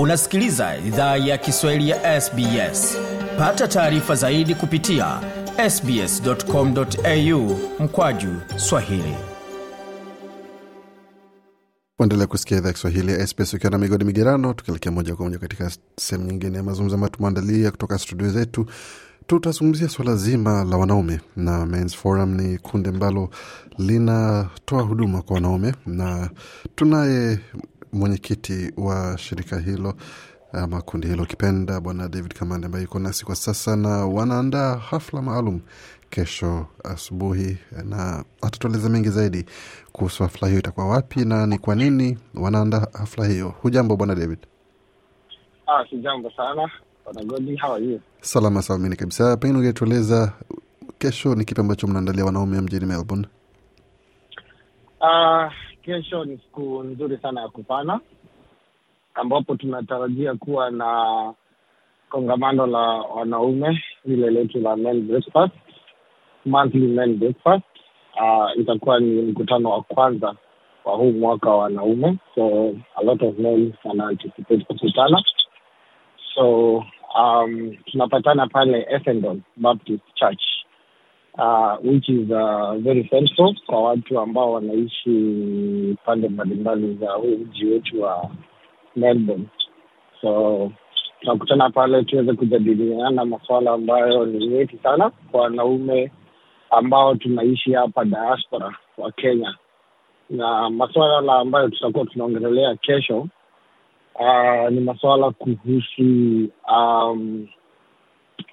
unasikiliza idhaa ya kiswahili ya sbs pata taarifa zaidi kupitia sbscomau mkwaju swahili uendelea kusikia idhaa kiswahili ya sbs ukiwa na migodi migerano tukielekea moja kwa moja katika sehemu nyingine ya mazungumzo ambayo tumeandalia kutoka studio zetu tutazungumzia suala zima la wanaume na Men's Forum ni kundi ambalo linatoa huduma kwa wanaume, na tunaye mwenyekiti wa shirika hilo ama kundi hilo ukipenda Bwana David Kamande ambaye yuko nasi kwa sasa, na wanaandaa hafla maalum kesho asubuhi, na atatueleza mengi zaidi kuhusu hafla hiyo itakuwa wapi na ni kwa nini wanaandaa hafla hiyo. Hujambo Bwana David? Ah, sijambo sana Bwana Godi, how are you? Salama kabisa. Pengine ungetueleza kesho ni kipi ambacho mnaandalia wanaume mjini Melbourne? Uh, kesho ni siku nzuri sana ya kupana, ambapo tunatarajia kuwa na kongamano la wanaume lile letu la men breakfast, monthly men breakfast. Uh, itakuwa ni mkutano wa kwanza wa huu mwaka wa wanaume, so a lot of men wana kukutana, so um, tunapatana pale Essendon Baptist Church uh, which is uh, very helpful kwa watu ambao wanaishi pande mbalimbali za huu mji wetu wa Melbourne. So tunakutana pale tuweze kujadiliana masuala ambayo ni nyeti sana kwa wanaume ambao tunaishi hapa diaspora wa Kenya, na masuala ambayo tutakuwa tunaongelelea kesho uh, ni masuala kuhusu um,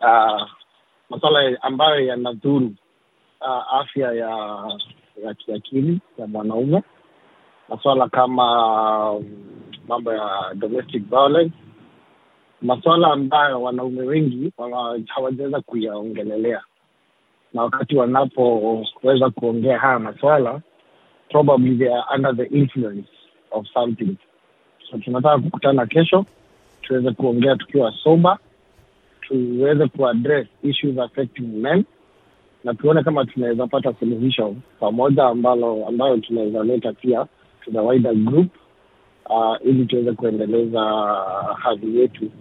uh, masuala ambayo yanadhuru uh, afya ya ya kiakili ya mwanaume, masuala kama mambo ya domestic violence, masuala ambayo wanaume wengi hawajaweza kuyaongelelea, na wakati wanapoweza kuongea haya masuala probably they are under the influence of something. So tunataka kukutana kesho tuweze kuongea tukiwa sober tuweze kuaddress issues affecting men na tuone kama tunaweza pata suluhisho pamoja ambalo ambayo tunaweza leta pia to the wider group uh, ili tuweze kuendeleza hadhi yetu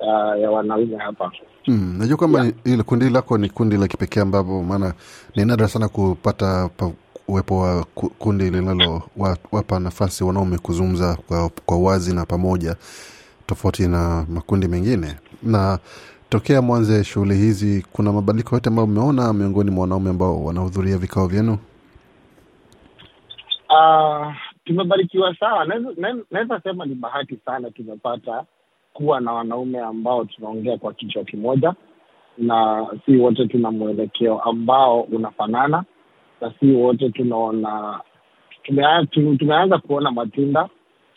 uh, ya wanaume hapa mm, najua kwamba yeah. kundi lako ni kundi la kipekee ambapo maana ni nadra sana kupata uwepo wa kundi linalowapa nafasi wanaume kuzungumza kwa, kwa wazi na pamoja tofauti na makundi mengine na tokea mwanze shughuli hizi, kuna mabadiliko yote ambayo umeona miongoni mwa wanaume ambao wanahudhuria vikao vyenu? Uh, tumebarikiwa sawa, naweza sema ni bahati sana tumepata kuwa na wanaume ambao tunaongea kwa kichwa kimoja, na si wote tuna mwelekeo ambao unafanana, na si wote tunaona tumeanza kuona matunda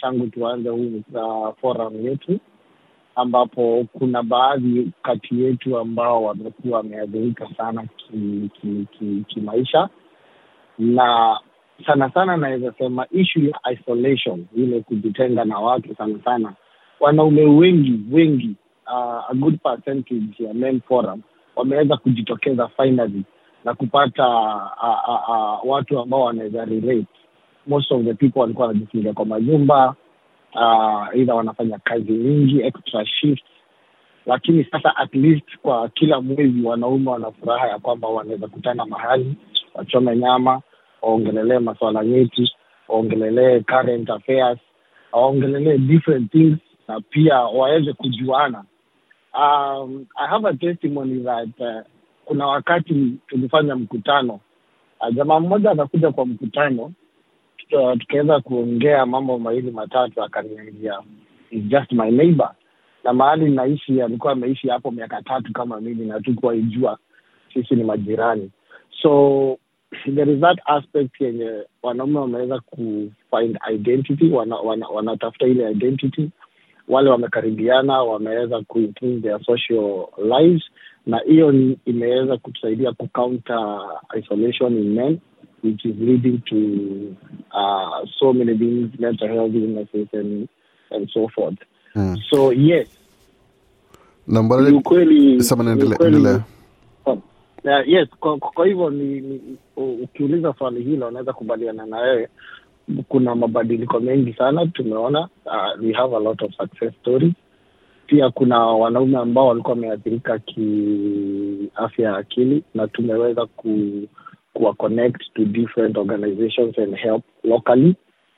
tangu tuanze huu uh, forum yetu ambapo kuna baadhi kati yetu ambao wamekuwa wameadhirika sana kimaisha ki, ki, ki, ki na sana sana naweza sema ishu ya isolation, ile kujitenga na watu sana sana, wanaume wengi wengi, uh, a good percentage ya men forum wameweza kujitokeza finally na kupata uh, uh, uh, watu ambao wanaweza relate. Most of the people walikuwa wanajifungia kwa majumba uh, uh, wanafanya kazi nyingi extra shift, lakini sasa at least kwa kila mwezi wanaume wana furaha ya kwamba wanaweza kutana mahali wachome nyama, waongelelee maswala nyeti, waongelelee current affairs, waongelelee different things na pia waweze kujuana. Um, I have a testimony that uh, kuna wakati tulifanya mkutano uh, jamaa mmoja akakuja kwa mkutano tukaweza kuongea mambo mawili matatu, akaniambia just my neighbor, na mahali naishi alikuwa ameishi hapo miaka tatu kama mimi, na tukuwaijua sisi ni majirani, so there is that aspect yenye wanaume wameweza kufind identity, wanatafuta wana, wana, wana ile identity wale wamekaribiana wameweza kuimprove their social lives, na hiyo imeweza kutusaidia kucounter isolation in men which is leading to uh, so many things, mental health illnesses and, and so forth. Mm. So yes, ni ukweli, uh, yes. Kwa, kwa hivyo ni, ni, ukiuliza swali hilo unaweza kubaliana na wewe, kuna mabadiliko mengi sana tumeona. Uh, we have a lot of success stories pia kuna wanaume ambao walikuwa wameathirika kiafya ya akili na tumeweza ku kuwa connect to different organizations and help locally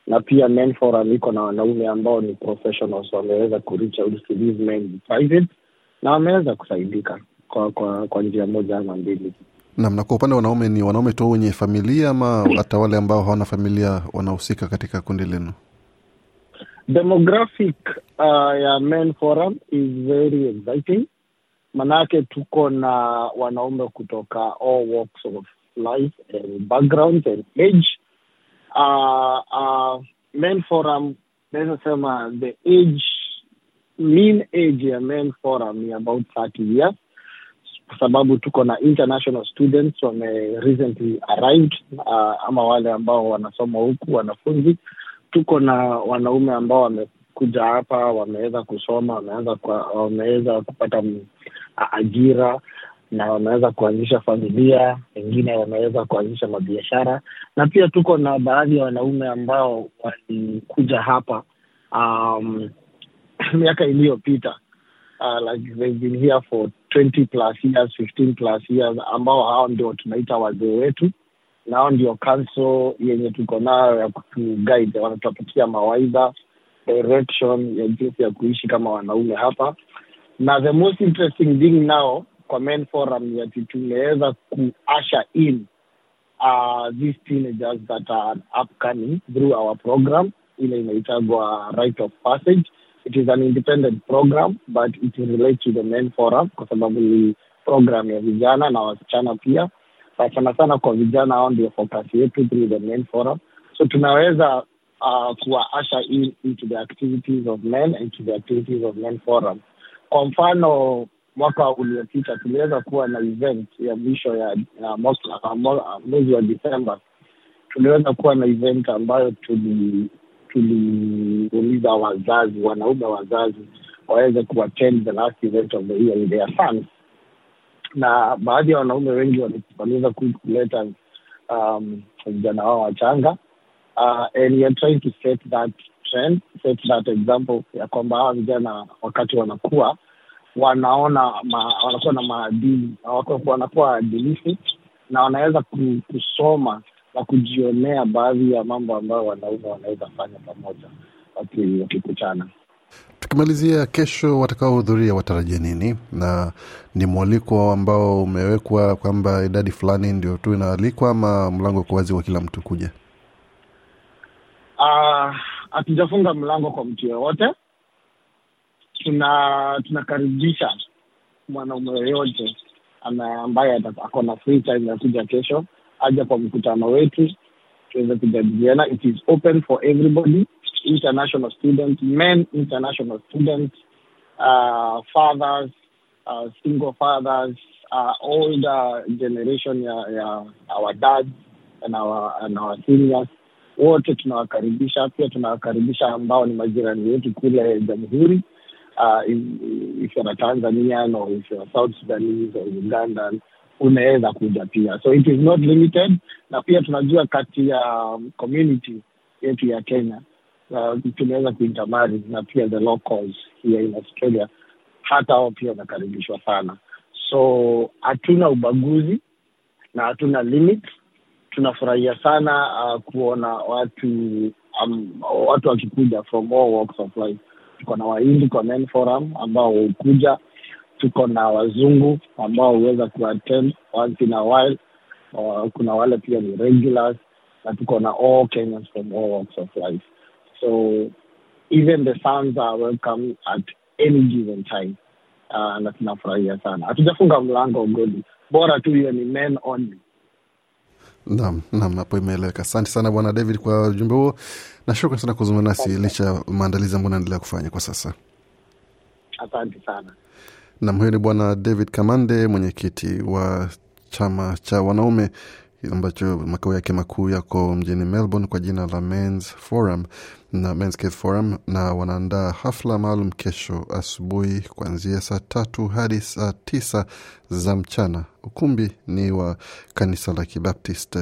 na pia men forum iko na wanaume ambao ni professionals wameweza kureach out to these men private na wameweza kusaidika kwa kwa, kwa njia moja ama mbili nam na kwa upande wa wanaume ni wanaume tu wenye familia ama hata wale ambao hawana familia wanahusika katika kundi lenu demographic uh, ya men forum is very exciting manake tuko na wanaume kutoka all walks of life and background and age. Uh, uh, men forum naweza uh, the age mean age yeah, men forum yeah, about 30 years sababu tuko na international students wame recently arrived uh, ama wale ambao wanasoma huku wanafunzi tuko na wanaume ambao wamekuja hapa wameweza kusoma wameweza wameweza kupata ajira na wameweza kuanzisha familia, wengine wameweza kuanzisha mabiashara, na pia tuko na baadhi ya wanaume ambao walikuja hapa um, miaka iliyopita uh, like been here for 20 plus years, 15 plus years, ambao hao ndio tunaita wazee wetu na hao ndio kanso yenye tuko nayo ya kutuguide, wanatupatia mawaidha direction ya jinsi ya kuishi kama wanaume hapa, na the most interesting thing now comment forum yetu tumeweza kuasha in uh, these teenagers that are upcoming through our program ile inaitagwa right of passage it is an independent program but it relates to the main forum kwa sababu ni program ya vijana na wasichana pia na sana sana kwa vijana hao ndio focus yetu through the main forum so tunaweza uh, asha in into the activities of men and to the activities of men forum kwa mfano mwaka uliopita tuliweza kuwa na event ya mwisho ya, ya mwezi wa Desemba tuliweza kuwa na event ambayo tuliuliza tuli wazazi wanaume wazazi waweze kuattend the last event of the year their sons, na baadhi ya wanaume wengi waliweza kuleta um, vijana um, wao wachanga uh, and are trying to set that trend, set that example ya kwamba hawa vijana wakati wanakuwa wanaona ma, wanakuwa na maadili wanakuwa waadilifu na wanaweza kusoma na kujionea baadhi ya mambo ambayo wanaume wanaweza fanya pamoja wakikutana Tukimalizia, kesho watakaohudhuria watarajia nini? Na ni mwaliko ambao umewekwa kwamba idadi fulani ndio tu inaalikwa ama mlango uko wazi kwa kila mtu kuja? Ah, hatujafunga uh, mlango kwa mtu yoyote tuna tunakaribisha mwanaume yoyote ambaye ako na free time ya kesho aja kwa mkutano wetu tuweze kujadiliana. It is open for everybody, international students, men, international students, uh, fathers, uh, single fathers, uh, older generation ya, ya our dads and our, and our seniors wote tunawakaribisha. Pia tunawakaribisha ambao ni majirani wetu kule Jamhuri uh, if you're a Tanzanian or if you're South Sudanese or Ugandan unaweza kuja pia, so it is not limited. Na pia tunajua kati ya um, community yetu ya Kenya uh, tunaweza kuintamari na pia the locals here in Australia, hata hao pia wanakaribishwa sana, so hatuna ubaguzi na hatuna limit. Tunafurahia sana uh, kuona watu um, watu wakikuja from all walks of life tuko na wahindi kwa main forum ambao hukuja, tuko na wazungu ambao huweza kuattend once in a while. Uh, kuna wale pia ni regulars na tuko na all Kenyans from all walks of life, so even the sons are welcome at any given time. Uh, na tunafurahia sana, hatujafunga mlango godi bora tu hiyo ni men only Naam, naam, hapo imeeleweka. Asante sana Bwana David kwa ujumbe huo, na shukran sana kuzungumza nasi licha ya maandalizi ambayo naendelea kufanya kwa sasa. Asante sana. Nam, huyo ni Bwana David Kamande, mwenyekiti wa chama cha wanaume ambacho makao yake makuu yako mjini Melbourne kwa jina la Men's Forum na Men's Forum, na wanaandaa hafla maalum kesho asubuhi kuanzia saa tatu hadi saa tisa za mchana. Ukumbi ni wa kanisa la Kibaptist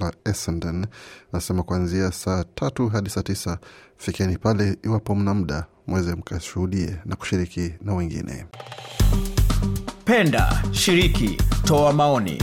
la Essendon, nasema kuanzia saa tatu hadi saa tisa. Fikeni pale iwapo mna muda, mweze mkashuhudie na kushiriki na wengine. Penda, shiriki, toa maoni